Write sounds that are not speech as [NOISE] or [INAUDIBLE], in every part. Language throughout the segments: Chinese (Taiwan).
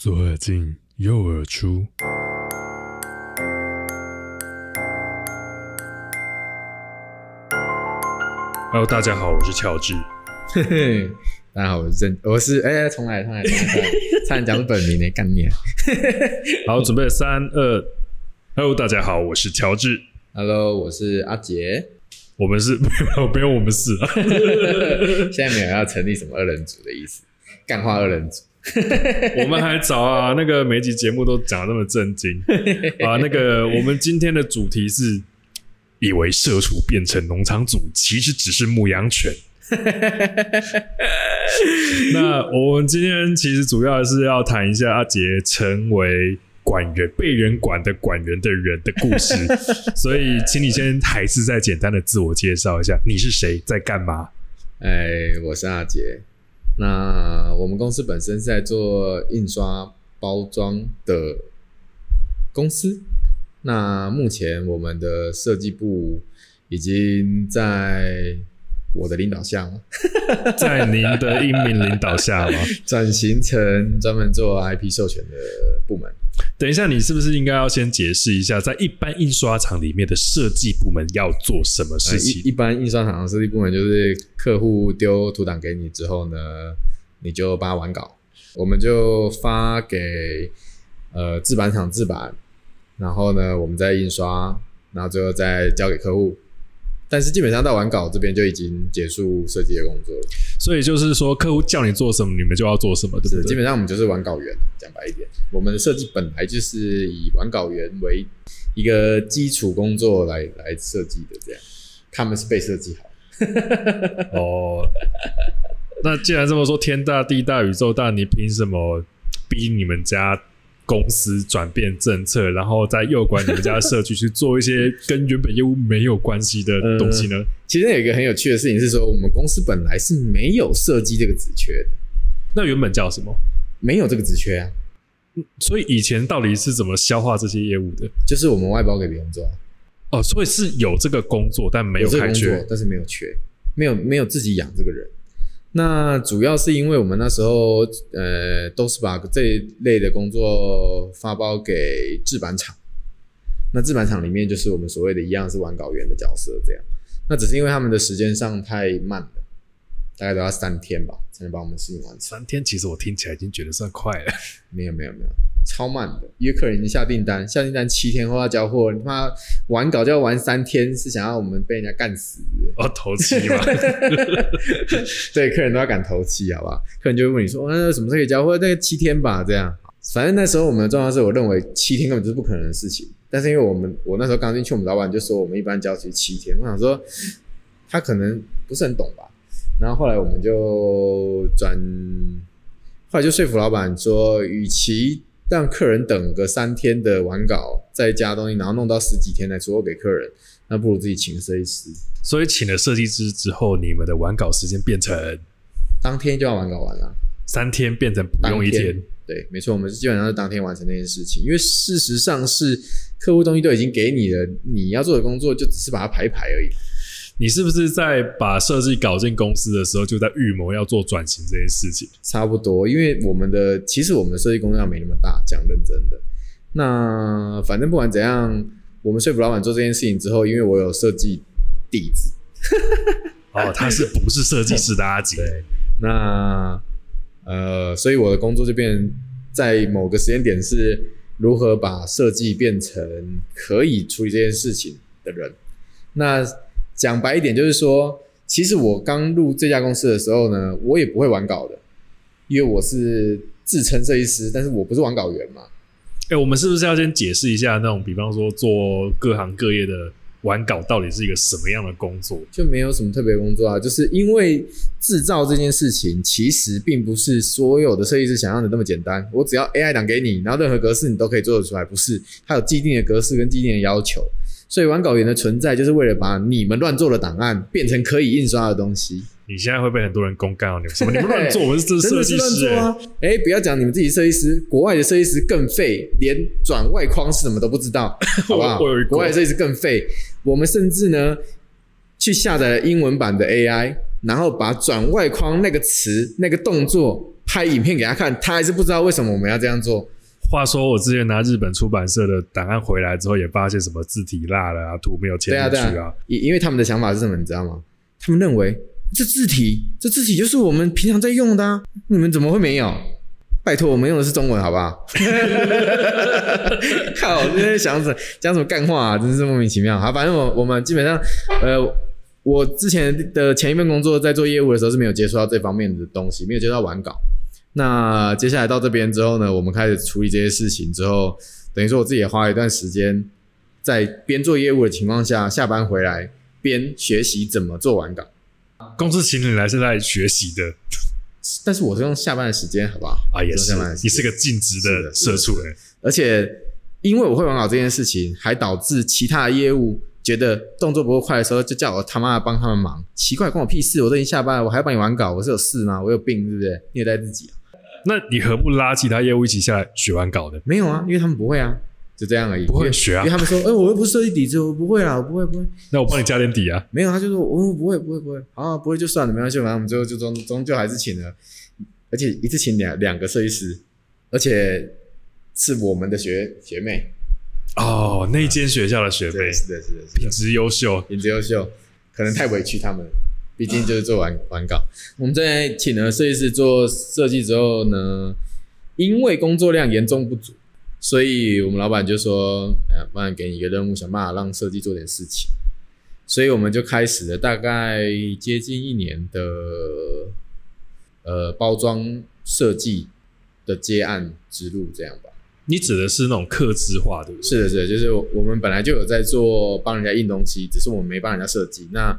左耳進，右耳出 Hello, 嘿嘿、欸3。Hello，大家好，我是喬治。大家好，我是任，我是哎，重來，重來，重來，差點講本名耶，幹你！好，準備三二。Hello，大家好，我是喬治。Hello，我是阿杰。我們是，沒有，沒有，我們是、啊。 [LAUGHS] 現在沒有要成立什麼二人組的意思。幹話二人組，我們還早啊！那個每集節目都講得那麼正經啊！那個我們今天的主題是以為社畜變成農場主，其實只是牧羊犬。那我們今天其實主要是要談一下阿杰成為管人被人管的管人的人的故事。所以，請你先還是再簡單的自我介紹一下，你是誰，在幹嘛？哎，我是阿杰。那我們公司本身是在做印刷包裝的公司，那目前我們的設計部已經在。我的領導下嗎？ [LAUGHS] 在您的英明領導下嗎？轉 [LAUGHS] 型成專門做 IP 授權的部門。等一下，你是不是應該要先解釋一下，在一般印刷廠裡面的設計部門要做什麼事情？呃、一，一般印刷廠的設計部門就是客戶丟圖檔給你之後呢，你就把它完稿，我們就發給呃製版廠製版，然後呢，我們再印刷，然後最後再交給客戶。但是基本上到完稿這邊就已經結束設計的工作了，所以就是說客戶叫你做什麼，嗯、你們就要做什麼，對不對？是，基本上我們就是完稿員，講白一點，我們的設計本來就是以完稿員為一個基礎工作來來設計的，這樣，他們是被設計好的。哦，那既然這麼說，天大地大宇宙大，你憑什麼逼你們家公司轉變政策，然後再誘拐你們家的社畜去做一些跟原本業務沒有關係的東西呢？ [LAUGHS] 嗯、其實有一個很有趣的事情是說，我們公司本來是沒有設計這個職缺的，那原本叫什麼？沒有這個職缺啊、嗯，所以以前到底是怎麼消化這些業務的？就是我們外包給別人做，哦，所以是有這個工作，但沒有開缺，有這個工作，但是沒有缺，沒有沒有自己養這個人。那主要是因為我們那時候，呃，都是把這一類的工作發包給製版廠。那製版廠裡面就是我們所謂的一樣是完稿員的角色這樣。那只是因為他們的時間上太慢了，大概都要三天吧，才能把我們適應完成。三天，其實我聽起來已經覺得算快了。沒有，沒有，沒有，沒有，沒有。超慢的，因為客人已經下訂單，下訂單七天後要交貨，你他媽玩稿就要玩三天，是想要我們被人家幹死？哦，頭七嘛。 [LAUGHS] [LAUGHS] 對，客人都要趕頭七，好吧？客人就會問你說，那什麼時候可以交貨？大概七天吧，這樣。反正那時候我們的狀況是，我認為七天根本就是不可能的事情。但是因為我們我那時候剛進去，我們老闆就說我們一般交期七天。我想說他可能不是很懂吧。然後後來我們就轉，後來就說服老闆說，與其。讓客人等個三天的完稿再加東西，然後弄到十幾天來最後給客人，那不如自己請設計師。所以請了設計師之後，你們的完稿時間變成當天就要完稿完了，三天變成不用一天。天對，沒錯，我們是基本上是當天完成那件事情，因為事實上是客戶東西都已經給你了，你要做的工作就只是把它排排而已。你是不是在把設計搞進公司的時候，就在預謀要做轉型這件事情？差不多，因為我們的其實我們的設計工作量沒那麼大，講認真的。那反正不管怎樣，我們說服老板做這件事情之後，因為我有設計底子， [LAUGHS] 哦，他是不是設計師的阿吉？ [LAUGHS] 對，那呃，所以我的工作就變成在某個時間點是如何把設計變成可以處理這件事情的人，那。講白一點就是說，其實我剛入這家公司的時候呢，我也不會完稿的，因為我是自稱設計師，但是我不是完稿員嘛。哎、欸，我們是不是要先解釋一下那種，比方說做各行各業的完稿，到底是一個什麼樣的工作？就沒有什麼特別工作啊，就是因為製造這件事情，其實並不是所有的設計師想象的那麼簡單。我只要 AI 檔給你，然後任何格式你都可以做得出來，不是？它有既定的格式跟既定的要求。所以，完稿員的存在就是為了把你們亂做的檔案變成可以印刷的東西。你現在會被很多人公幹哦！你們什麼你們亂做， [LAUGHS] 我們是設計師誒。哎、啊 [LAUGHS] 欸，不要講你們自己設計師，國外的設計師更廢，連轉外框是什麼都不知道， [COUGHS] 好吧 [COUGHS] 國外的設計師更廢。 [COUGHS] 我們甚至呢，去下載了英文版的 AI，然後把轉外框那個詞、那個動作拍影片給他看，他還是不知道為什麼我們要這樣做。話說我之前拿日本出版社的檔案回來之後，也發現什麼字體落了啊，圖沒有貼進去啊。因對、啊對啊、因為他們的想法是什麼，你知道嗎？他們認為這字體，這字體就是我們平常在用的啊，你們怎麼會沒有？拜託，我們用的是中文，好不好？ [LAUGHS] [LAUGHS] 靠，今天想什麼講什麼幹話啊，真是莫名其妙。好，反正我我們基本上，呃，我之前的前一份工作在做業務的時候是沒有接觸到這方面的東西，沒有接觸到完稿。那接下來到這邊之後呢，我們開始處理這些事情之後，等於說我自己也花了一段時間，在邊做業務的情況下，下班回來邊學習怎麼做完稿。公司請你來是在學習的，但是我是用下班的時間，好不好？啊，也是用下班的時間，你是個盡職的社畜誒。而且因為我會完稿這件事情，還導致其他的業務覺得動作不夠快的時候，就叫我他媽的幫他們忙。奇怪，關我屁事！我都已經下班了，我還要幫你完稿，我是有事嗎？我有病，對不對？虐待自己。那你何不拉其他業務一起下來學完稿的？嗯、沒有啊，因為他們不會啊，就這樣而已。不會為學啊？因為他們說，哎、欸，我又不是設計底子，我不會啦，我不會不會。那我幫你加點底啊。沒有，他就說，嗯，不會不會不會，好、啊，不會就算了，沒關係，反正我們最後就終終究還是請了，而且一次請兩兩個設計師，而且是我們的學學妹哦，那間學校的學妹，是的、啊，是的，品質優秀，品質優秀，可能太委屈他們了。畢竟就是做完完稿，啊、我們在請了設計師做設計之後呢，因為工作量嚴重不足，所以我們老板就說：“呃、啊，不然給你一個任務，想辦法讓設計做點事情。”所以，我們就開始了大概接近一年的呃包裝設計的接案之路，這樣吧。你指的是那種客製化？對不對？對，是的，是的，就是我們本來就有在做幫人家印東西，只是我們沒幫人家設計那。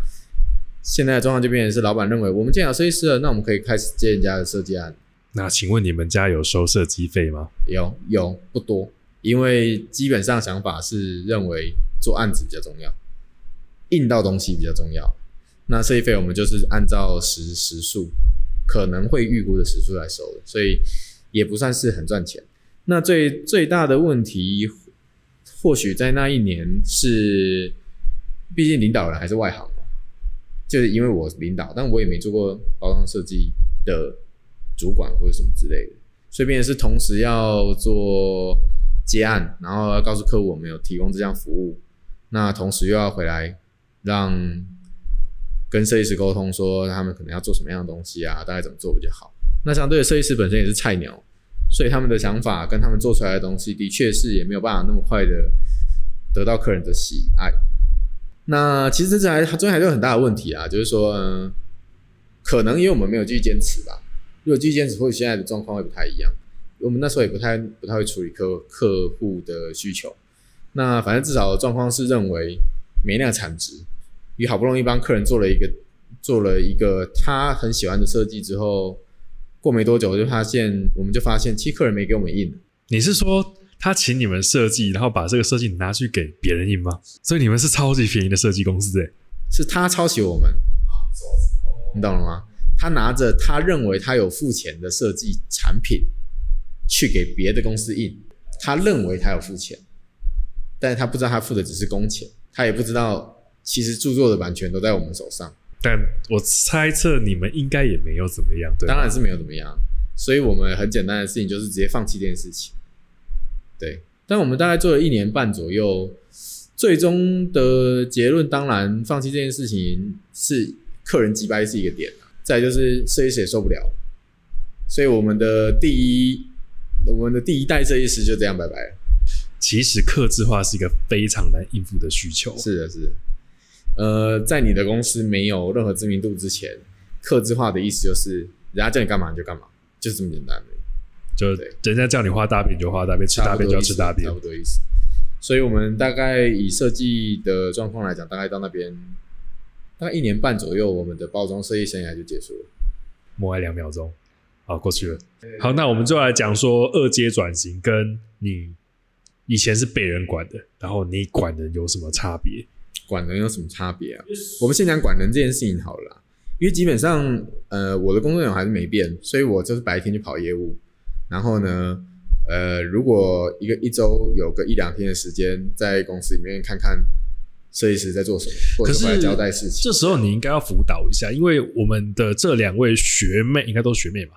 現在的狀況就變成是老闆認為，我們建好設計師了，那我們可以開始接人家的設計案。那請問你們家有收設計費嗎？有有，不多，因為基本上想法是認為做案子比較重要，印到東西比較重要。那設計費我們就是按照時時數，可能會預估的時數來收的，所以也不算是很賺錢。那最最大的問題，或許在那一年是，畢竟領導人還是外行。就是因為我領導，但我也沒做過包裝設計的主管或者什麼之類的，所以變成是同時要做接案，然後要告訴客戶我們有提供這項服務，那同時又要回來讓跟設計師溝通，說他們可能要做什麼樣的東西啊，大概怎麼做比較好。那相對的，設計師本身也是菜鳥，所以他們的想法跟他們做出來的東西的確是也沒有辦法那麼快的得到客人的喜愛。那其實這還中間還有很大的問題啊，就是說，嗯，可能因為我們沒有繼續堅持吧。如果繼續堅持，或許現在的狀況會不太一樣。我們那時候也不太不太會處理客客戶的需求。那反正至少狀況是認為沒那產值。你好不容易幫客人做了一個做了一個他很喜歡的設計之後，過沒多久我就發現，我們就發現，其實客人沒給我們印了。你是說？他請你們設計，然後把這個設計拿去給別人印嗎？所以你們是超級便宜的設計公司，欸，哎，是他抄襲我們，你懂了嗎？他拿着他認為他有付錢的設計產品，去給別的公司印，他認為他有付錢，但是他不知道他付的只是工錢，他也不知道其實著作的版權都在我們手上。但我猜測你們應該也沒有怎麼樣。對，當然是沒有怎麼樣，所以我們很簡單的事情就是直接放棄這件事情。對，但我們大概做了一年半左右，最終的結論當然放棄這件事情是客人擊敗是一個點，再就是設計師也受不了，所以我們的第一，我們的第一代設計師就這樣拜拜了。其實客制化是一個非常難應付的需求。是的，是的。呃，在你的公司沒有任何知名度之前，客制化的意思就是人家叫你幹嘛你就幹嘛，就是這麼簡單。就人家叫你畫大餅就畫大餅，對吃大餅就要吃大餅，差不多意思。所以，我們大概以設計的狀況來講，大概到那邊大概一年半左右，我們的包裝設計生涯就結束了。默哀兩秒鐘，好過去了。好，那我們就來講說二階轉型，跟你以前是被人管的，然後你管人有什麼差別？管人有什麼差別啊？我們先講管人這件事情好了，因為基本上，呃，我的工作內容還是沒變，所以我就是白天去跑業務。然後呢，呃，如果一個一周有個一兩天的時間在公司裡面看看設計師在做什麼，或者是交代事情，這時候你應該要輔導一下，因為我們的這兩位學妹應該都是學妹嘛，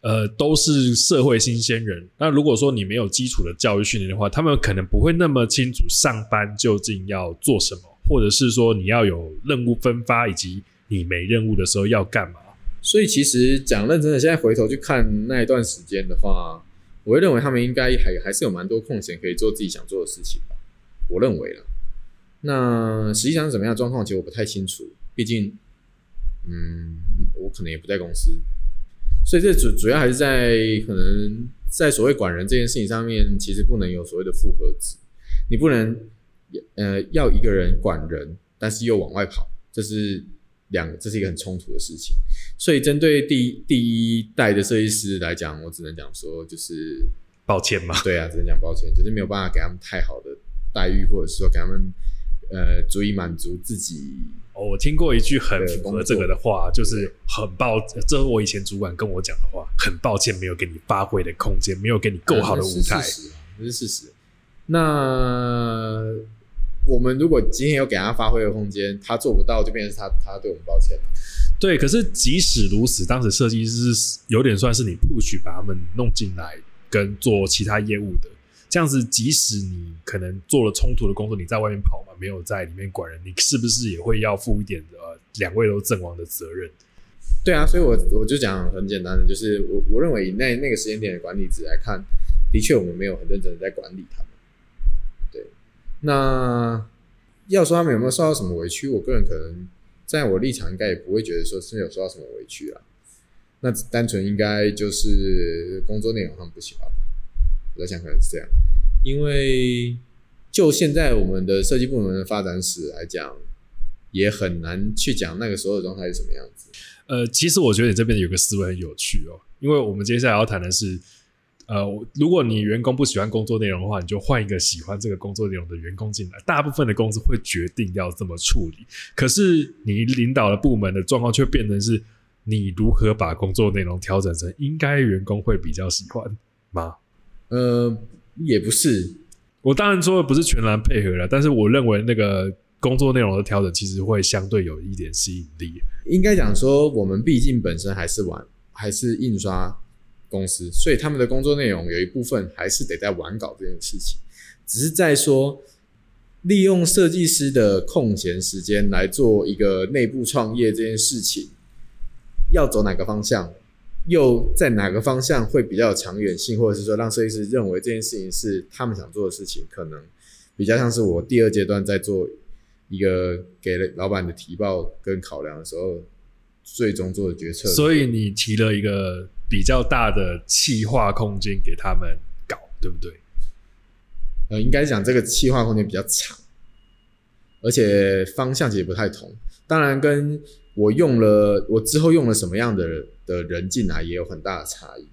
呃，都是社會新鮮人。那如果說你沒有基礎的教育訓練的話，他們可能不會那麼清楚上班究竟要做什麼，或者是說你要有任務分發，以及你沒任務的時候要幹嘛。所以其實講認真的，現在回頭去看那一段時間的話，我會認為他們應該還還是有蠻多空閒可以做自己想做的事情吧。我認為啦，那實際上是怎麼樣的狀況，其實我不太清楚，畢竟，嗯，我可能也不在公司，所以這主主要還是在可能在所謂管人這件事情上面，其實不能有所謂的複合職，你不能呃要一個人管人，但是又往外跑，這是。兩個，這是一個很衝突的事情，所以針對第第一代的設計師來講，我只能講說就是抱歉嘛。對啊，只能講抱歉，就是沒有辦法給他們太好的待遇，或者是說給他們呃足以滿足自己、哦。我聽過一句很符合這個的話，就是很抱歉，這是對我以前主管跟我講的話，很抱歉沒有給你發揮的空間，沒有給你夠好的舞台。嗯、這是事這是事實。那。我們如果今天有給他發揮的空間，他做不到，就變成他，他對我們抱歉了。對，可是即使如此，當時設計師是有點算是你不許把他們弄進來，跟做其他業務的這樣子。即使你可能做了衝突的工作，你在外面跑嘛，沒有在裡面管人，你是不是也會要負一點呃，兩位都陣亡的責任？對啊，所以我我就講很簡單的，就是我我認為以那那個時間點的管理者來看，的確我們沒有很認真的在管理他。那要說他們有沒有受到什麼委屈，我個人可能在我立場應該也不會覺得說是有受到什麼委屈啦。那單純應該就是工作內容上不喜歡吧？我在想可能是這樣，因為就現在我們的設計部門的發展史來講，也很難去講那個時候的狀態是什麼樣子。呃，其實我覺得你這邊有個思維很有趣哦，因為我們接下來要談的是。呃，如果你員工不喜歡工作內容的話，你就換一個喜歡這個工作內容的員工進來。大部分的公司會決定要這麼處理，可是你領導的部門的狀況卻變成是，你如何把工作內容調整成應該員工會比較喜歡嗎？呃，也不是，我當然說的不是全然配合了，但是我認為那個工作內容的調整其實會相對有一點吸引力。應該講說，我們畢竟本身還是玩，還是印刷公司，所以他們的工作內容有一部分還是得在完稿這件事情，只是在說利用設計師的空閒時間來做一個內部創業這件事情，要走哪個方向，又在哪個方向會比較有長遠性，或者是說讓設計師認為這件事情是他們想做的事情，可能比較像是我第二階段在做一個給老闆的提報跟考量的時候。最終做的決策，所以你提了一個比較大的企劃空間給他們搞，對不對？呃，應該講這個企劃空間比較長，而且方向其實不太同。當然，跟我用了我之後用了什麼樣的的人進來也有很大的差異。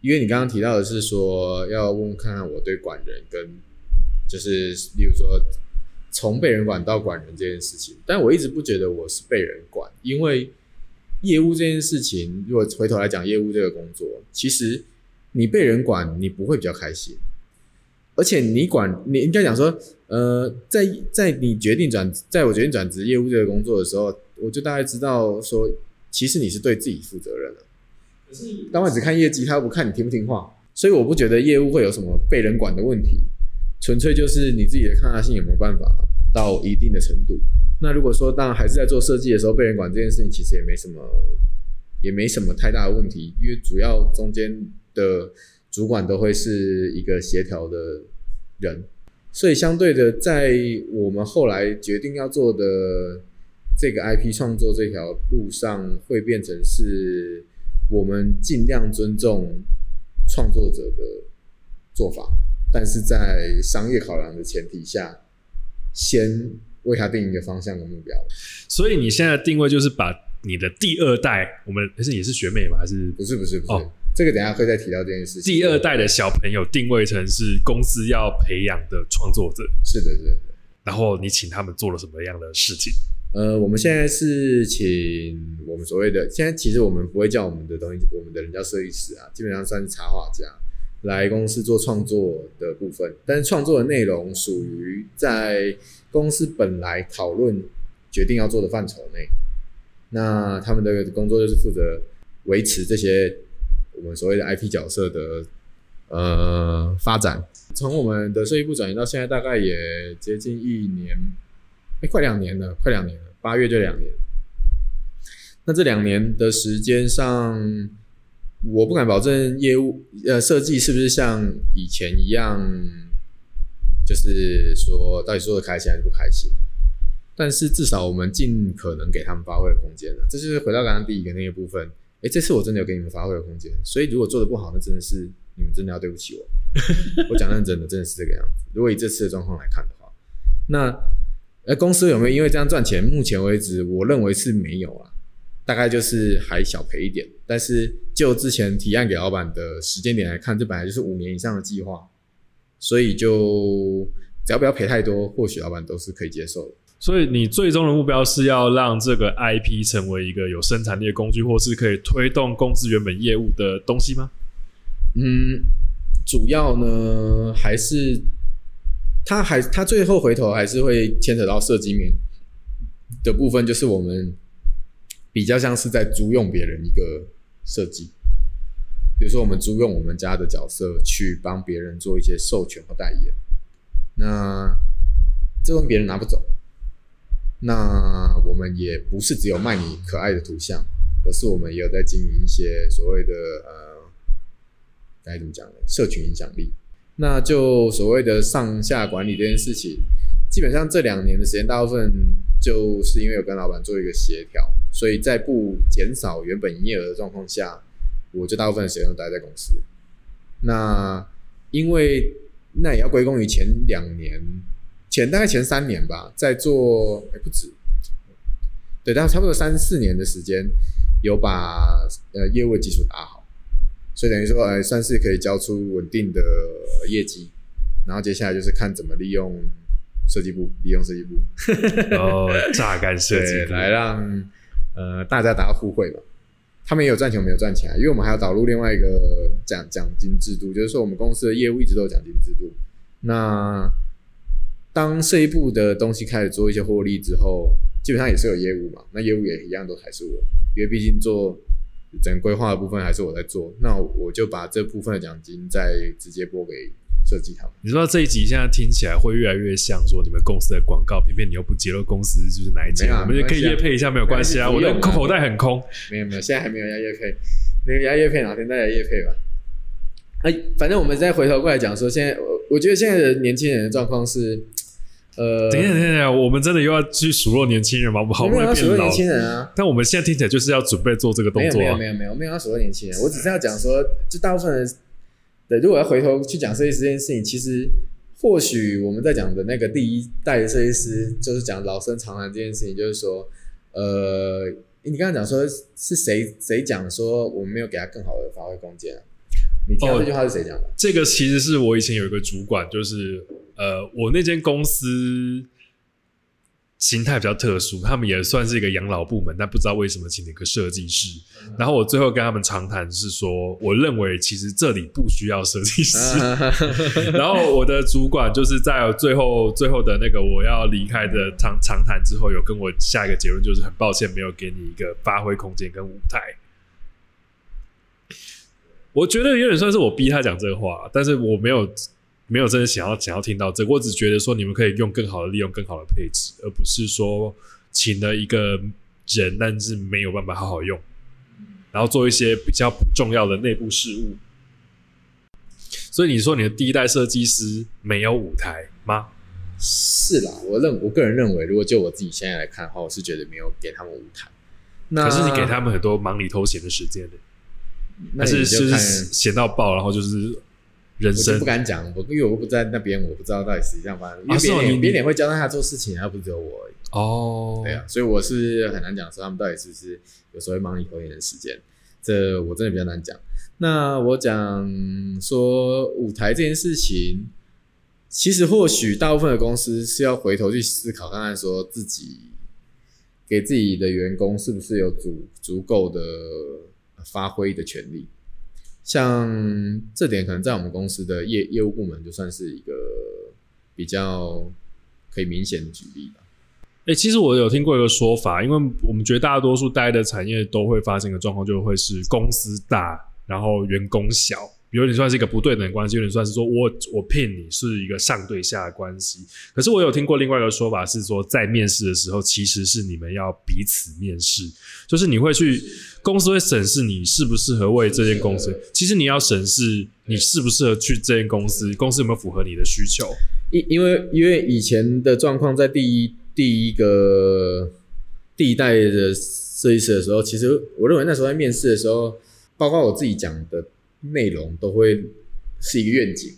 因為你剛剛提到的是說要問，問看看我對管人跟就是，例如說從被人管到管人這件事情，但我一直不覺得我是被人管，因為。業務這件事情，如果回頭來講，業務這個工作，其實你被人管，你不會比較開心。而且你管，你應該講說，呃，在在你決定轉，在我決定轉職業務這個工作的時候，我就大概知道說，其實你是對自己負責任的。可是單位只看業績，他又不看你聽不聽話，所以我不覺得業務會有什麼被人管的問題，純粹就是你自己的抗壓性有沒有辦法到一定的程度。那如果說，當然還是在做設計的時候被人管這件事情，其實也沒什麼，也沒什麼太大的問題，因為主要中間的主管都會是一個協調的人，所以相對的，在我們後來決定要做的這個 IP 創作這條路上，會變成是我們盡量尊重創作者的做法，但是在商業考量的前提下，先。為他定一個方向的目標的，所以你現在定位就是把你的第二代，我們可是也是學妹嗎？還是不是不是不是？哦，這個等一下會再提到這件事情。第二代的小朋友定位成是公司要培養的創作者，是的，是的，是的。然後你請他們做了什麼樣的事情？呃，我們現在是請我們所謂的，現在其實我們不會叫我們的東西，我們的人叫設計師啊，基本上算是插畫家。來公司做創作的部分，但是創作的內容屬於在公司本來討論決定要做的範疇內。那他們的工作就是負責維持這些我們所謂的 IP 角色的呃發展。從我們的設計部轉移到現在，大概也接近一年，哎，快兩年了，快兩年了，八月就兩年。那這兩年的時間上。我不敢保證業務呃設計是不是像以前一樣，就是說到底做得開心還是不開心，但是至少我們盡可能給他們發揮的空間了。這就是回到剛剛第一個那個部分，哎，這次我真的有給你們發揮的空間，所以如果做得不好，那真的是你們真的要對不起我。 [LAUGHS] 我講認真的，真的是這個樣子。如果以這次的狀況來看的話，那誒公司有沒有因為這樣賺錢？目前為止，我認為是沒有啊。大概就是還小賠一點，但是就之前提案給老闆的時間點來看，這本來就是五年以上的計劃，所以就只要不要賠太多，或許老闆都是可以接受的。所以你最終的目標是要讓這個 IP 成為一個有生產力的工具，或是可以推動公司原本業務的東西嗎？嗯，主要呢還是它還它最後回頭還是會牽扯到設計面的部分，就是我們。比較像是在租用別人一個設計，比如說我們租用我們家的角色去幫別人做一些授權或代言，那這東西別人拿不走。那我們也不是只有賣你可愛的圖像，而是我們也有在經營一些所謂的呃，該怎麼講呢？社群影響力。那就所謂的上下管理這件事情，基本上這兩年的時間，大部分就是因為我跟老闆做一個協調。所以在不減少原本營業額的狀況下，我就大部分的時間都待在公司。那因為那也要歸功於前兩年，前大概前三年吧，在做哎、欸、不止，對，但差不多三四年的時間，有把呃業務基礎打好，所以等於說哎、欸、算是可以交出穩定的業績。然後接下來就是看怎麼利用設計部，利用設計部，然後榨乾設計來讓。呃，大家打個互惠吧，他們也有賺錢，我們也有賺錢啊，因為我們還要導入另外一個獎獎金制度，就是說我們公司的業務一直都有獎金制度，那當這一部的東西開始做一些獲利之後，基本上也是有業務嘛，那業務也一樣都還是我，因為畢竟做整規劃的部分還是我在做，那我就把這部分的獎金再直接撥給。設計，你知道這一集現在聽起來會越來越像說，你們公司的廣告，偏偏你又不揭露公司就是哪一家，啊、我們就可以業配一下沒關係啊，沒有關係啊，有啊我的口袋很空。沒有沒有，現在還沒有要業配，沒有要業配，哪天再來業配吧。哎，反正我們再回頭過來講說，現在我我覺得現在的年輕人的狀況是，呃，等一下等一下，我們真的又要去數落年輕人嗎？我們有好不容易數落年輕人啊，但我們現在聽起來就是要準備做這個動作啊，沒有沒有沒有我沒有要數落年輕人，我只是要講說，唉就大部分人。對，如果要回頭去講設計師這件事情，其實或許我們在講的那個第一代的設計師，就是講老生常談這件事情，就是說，呃，你剛才講說是誰誰講說我們沒有給他更好的發揮空間啊？你聽到這句話是誰講的？哦，這個其實是我以前有一個主管，就是呃，我那間公司。心態比較特殊，他們也算是一個養老部門，但不知道為什麼請了一個設計師。然後我最後跟他們長談是說，我認為其實這裡不需要設計師。 [LAUGHS] 然後我的主管就是在最後最後的那個我要離開的長長談之後，有跟我下一個結論，就是很抱歉沒有給你一個發揮空間跟舞台。我覺得有點算是我逼他講這個話，但是我沒有。沒有真的想要想要聽到這個，我只覺得說，你們可以用更好的利用更好的配置，而不是說請了一個人，但是沒有辦法好好用，然後做一些比較不重要的內部事務。所以你說你的第一代設計師沒有舞台嗎？是啦，我認我個人認為，如果就我自己現在來看的話，我是覺得沒有給他們舞台。那可是你給他們很多忙裡偷閒的時間的，那你 還是就是不是閒到爆，然後就是。人生我不敢講，我因為我又不在那邊，我不知道到底實際上反正，阿壽、啊哦，你別人會交代他做事情，他不是只有我哦，對啊，所以我是很難講說他們到底是不是有時候會忙裡偷閒的時間，這我真的比較難講。那我講說舞台這件事情，其實或許大部分的公司是要回頭去思考，看看說自己給自己的員工是不是有足足夠的發揮的權利。像這點可能在我們公司的業業務部門就算是一個比較可以明顯的舉例吧。欸，其實我有聽過一個說法，因為我們絕大多數待的產業都會發生一個狀況，就會是公司大，然後員工小。有點算是一個不對等的關係，有點算是說，我我聘你是一個上對下的關係。可是我有聽過另外一個說法是說，在面試的時候，其實是你們要彼此面試，就是你會去公司會審視你適不適合為這間公司，的其實你要審視你適不適合去這間公司，對公司有沒有符合你的需求。因因為因為以前的狀況，在第一第一個第一代的設計師的時候，其實我認為那時候在面試的時候，包括我自己講的。內容都會是一個願景，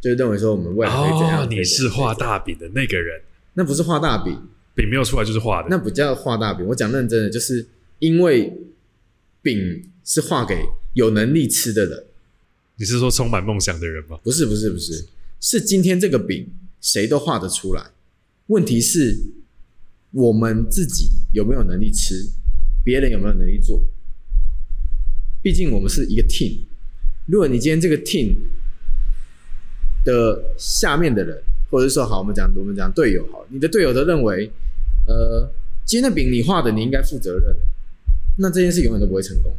就認為說我們未來會怎樣可以、哦。你是畫大餅的那個人？那不是畫大餅，餅沒有出來就是畫的，那不叫畫大餅。我講認真的，就是因為餅是畫給有能力吃的人。你是說充滿夢想的人嗎？不是，不是，不是，是今天這個餅誰都畫得出來，問題是我們自己有沒有能力吃，別人有沒有能力做。畢竟我們是一個 team，如果你今天這個 team 的下面的人，或者說好，我們講我們講隊友好，好你的隊友都認為，呃，今天的餅你畫的，你應該負責任，那這件事永遠都不會成功，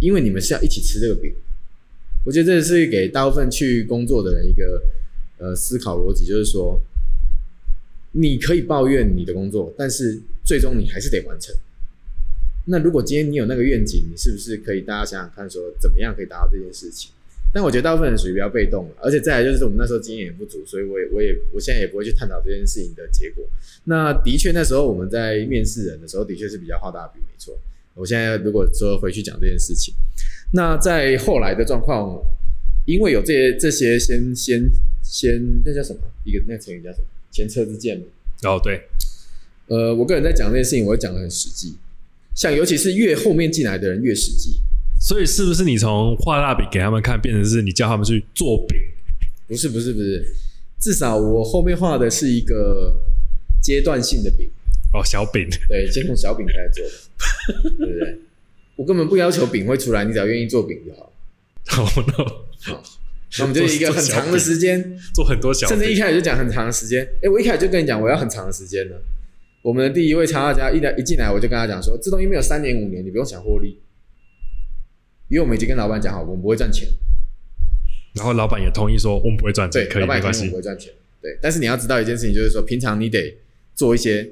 因為你們是要一起吃這個餅。我覺得這是給大部分去工作的人一個呃思考邏輯，就是說，你可以抱怨你的工作，但是最終你還是得完成。那如果今天你有那個願景，你是不是可以大家想想看，說怎麼樣可以達到這件事情？但我覺得大部分人屬於比較被動，而且再來就是我們那時候經驗也不足，所以我也我也我現在也不會去探討這件事情的結果。那的確那時候我們在面試人的時候，的確是比較畫大餅，沒錯。我現在如果說回去講這件事情，那在後來的狀況，因為有這些這些先先先那叫什麼一個那個成語叫什麼前車之鑒。哦對，呃，我個人在講這件事情，我會講得很實際。像尤其是越後面進來的人越實際，所以是不是你從畫大餅給他們看，變成是你叫他們去做餅？不是不是不是，至少我後面畫的是一個階段性的餅哦，小餅對，先從小餅開始做的， [LAUGHS] 對不對？我根本不要求餅會出來，你只要願意做餅就好。好、oh, no. 哦，那我們就一個很長的時間做，做很多小餅，甚至一開始就講很長的時間。誒，我一開始就跟你講，我要很長的時間了。我們的第一位插畫家一來一進來，我就跟他講說：“自動頁沒有三年五年，你不用想獲利，因為我們已經跟老板講好，我們不會賺錢。”然後老板也同意說：“我們不會賺錢，對，可以老板也同意我們不會賺錢。以”對，但是你要知道一件事情，就是說平常你得做一些，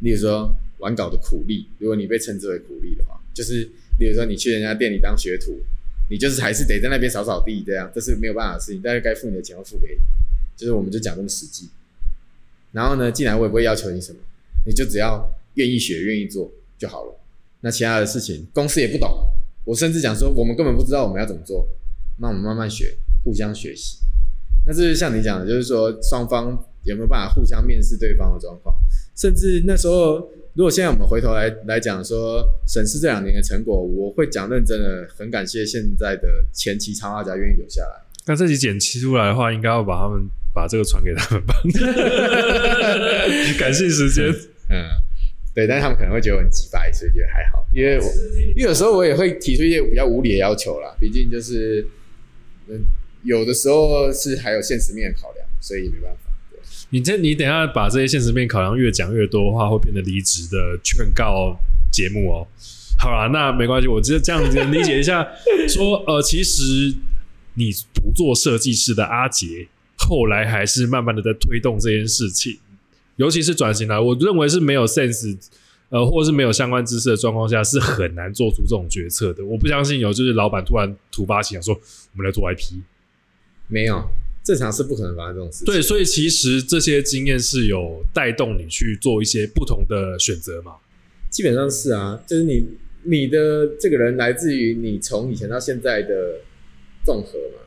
例如說完稿的苦力。如果你被稱之為苦力的話，就是例如說你去人家店裡當學徒，你就是還是得在那邊掃掃地這樣。這是沒有辦法的事情，但是該付你的錢要付給你，就是我們就講這麼實際。然後呢，進來我也不會要求你什麼。你就只要願意學、願意做就好了。那其他的事情，公司也不懂。我甚至講說，我們根本不知道我們要怎麼做。那我們慢慢學，互相學習。那這就像你講的，就是說雙方有沒有辦法互相面試對方的狀況？甚至那時候，如果現在我們回頭來來講說，審視這兩年的成果，我會講認真的，很感謝現在的前期超大家願意留下來。那這集剪輯出來的話，應該要把他們把這個傳給他們吧？ [LAUGHS] 感謝時間。嗯，對，但是他們可能會覺得很直白，所以覺得還好。因為我，是因為有時候我也會提出一些比較無理的要求啦。畢竟就是，有的時候是還有現實面考量，所以沒辦法。你這，你等一下把這些現實面考量越講越多的話，會變得離職的勸告節目哦、喔。好啦，那沒關係，我覺得這樣子理解一下說，說 [LAUGHS] 呃，其實你不做設計師的阿杰，後來還是慢慢的在推動這件事情。尤其是轉型來啊，我認為是沒有 sense，呃，或者是沒有相關知識的狀況下，是很難做出這種決策的。我不相信有就是老闆突然突發奇想說，我們來做 IP，沒有，正常是不可能發生這種事情。對，所以其實這些經驗是有帶動你去做一些不同的選擇嘛？基本上是啊，就是你你的這個人來自於你從以前到現在的綜合嘛。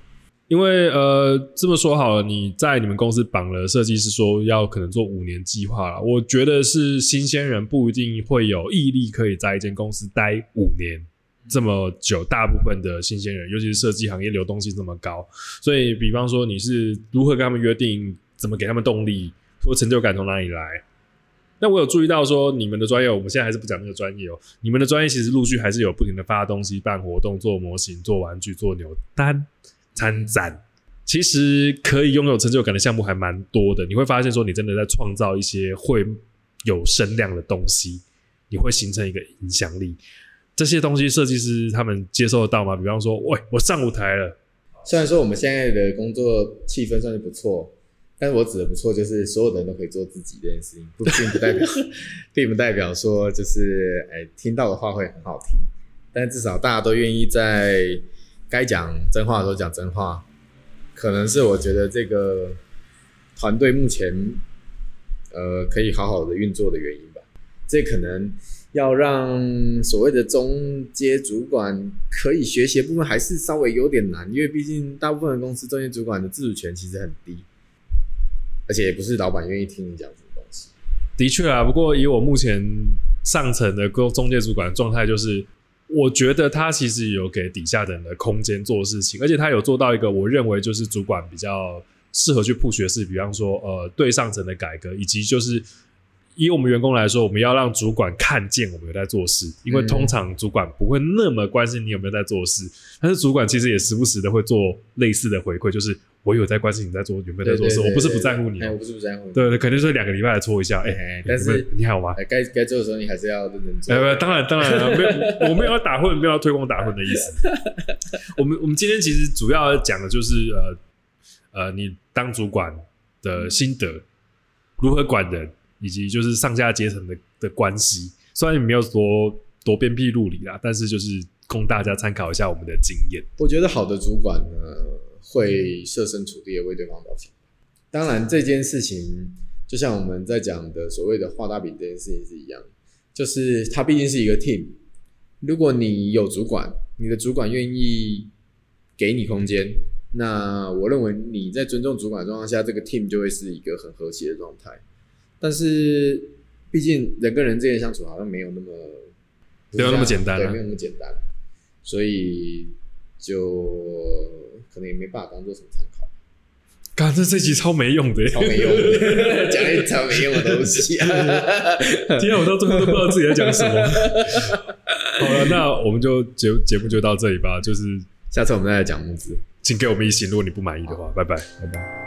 因為呃，這麼說好了，你在你們公司綁了設計師說，說要可能做五年計劃了。我覺得是新鮮人不一定會有毅力，可以在一間公司待五年這麼久。大部分的新鮮人，尤其是設計行業流動性這麼高，所以比方說你是如何跟他們約定，怎麼給他們動力，或成就感從哪裡來？那我有注意到說，你們的專業，我們現在還是不講那個專業哦。你們的專業其實陸續還是有不停的發東西、辦活動、做模型、做玩具、做扭蛋。參展，其實可以擁有成就感的項目還蠻多的。你會發現，說你真的在創造一些會有聲量的東西，你會形成一個影響力。這些東西，設計師他們接受得到嗎？比方說，喂，我上舞台了。雖然說我們現在的工作氣氛算是不錯，但是我指的不錯，就是所有的人都可以做自己這件事情，並不代表， [LAUGHS] 並不代表說就是，哎，聽到的話會很好聽，但至少大家都願意在。該講真話的時候講真話，可能是我覺得這個團隊目前呃可以好好的運作的原因吧。這可能要讓所謂的中階主管可以學習的部分，還是稍微有點難，因為畢竟大部分的公司中階主管的自主權其實很低，而且也不是老闆願意聽你講什麼東西。的確啊，不過以我目前上層的中中階主管的狀態就是。我覺得他其實有給底下的人的空間做事情，而且他有做到一個我認為就是主管比較適合去鋪學事。比方說，呃，對上層的改革，以及就是以我們員工來說，我們要讓主管看見我們有在做事，因為通常主管不會那麼關心你有沒有在做事，但是主管其實也時不時的會做類似的回饋，就是。我有在關心你在做，有沒有在做事，我不是不在乎你，我不是不在乎。對對，肯定是兩個禮拜來搓一下，哎對，欸、但是你好嗎？該該做的時候你還是要認真做。呃、欸，當然當然，沒 [LAUGHS] 我沒有要打混，沒有要推廣打混的意思。我們我們今天其實主要講的就是呃呃，你當主管的心得，嗯、如何管人，以及就是上下階層的的關係。雖然你沒有說多鞭辟入理啦，但是就是。供大家參考一下我們的經驗。我覺得好的主管呢，會設身處地的為對方着想。當然這件事情，就像我們在講的所謂的畫大餅這件事情是一樣，就是他畢竟是一個 team。如果你有主管，你的主管願意給你空間，那我認為你在尊重主管的狀況下，這個 team 就會是一個很和諧的狀態。但是畢竟人跟人之間相處好像沒有那麼，沒有那麼簡單啊，對，沒有那麼簡單。所以就可能也沒辦法當做什麼參考。剛剛這這集超沒用的，超沒用的，講了 [LAUGHS] 一超沒用的東西啊，今天我到最後都不知道自己在講什麼。 [LAUGHS] 好了，那我們就節節目就到這裡吧，就是下次我們再來講物資，請給我們一星，如果你不滿意的話，好拜拜，拜拜。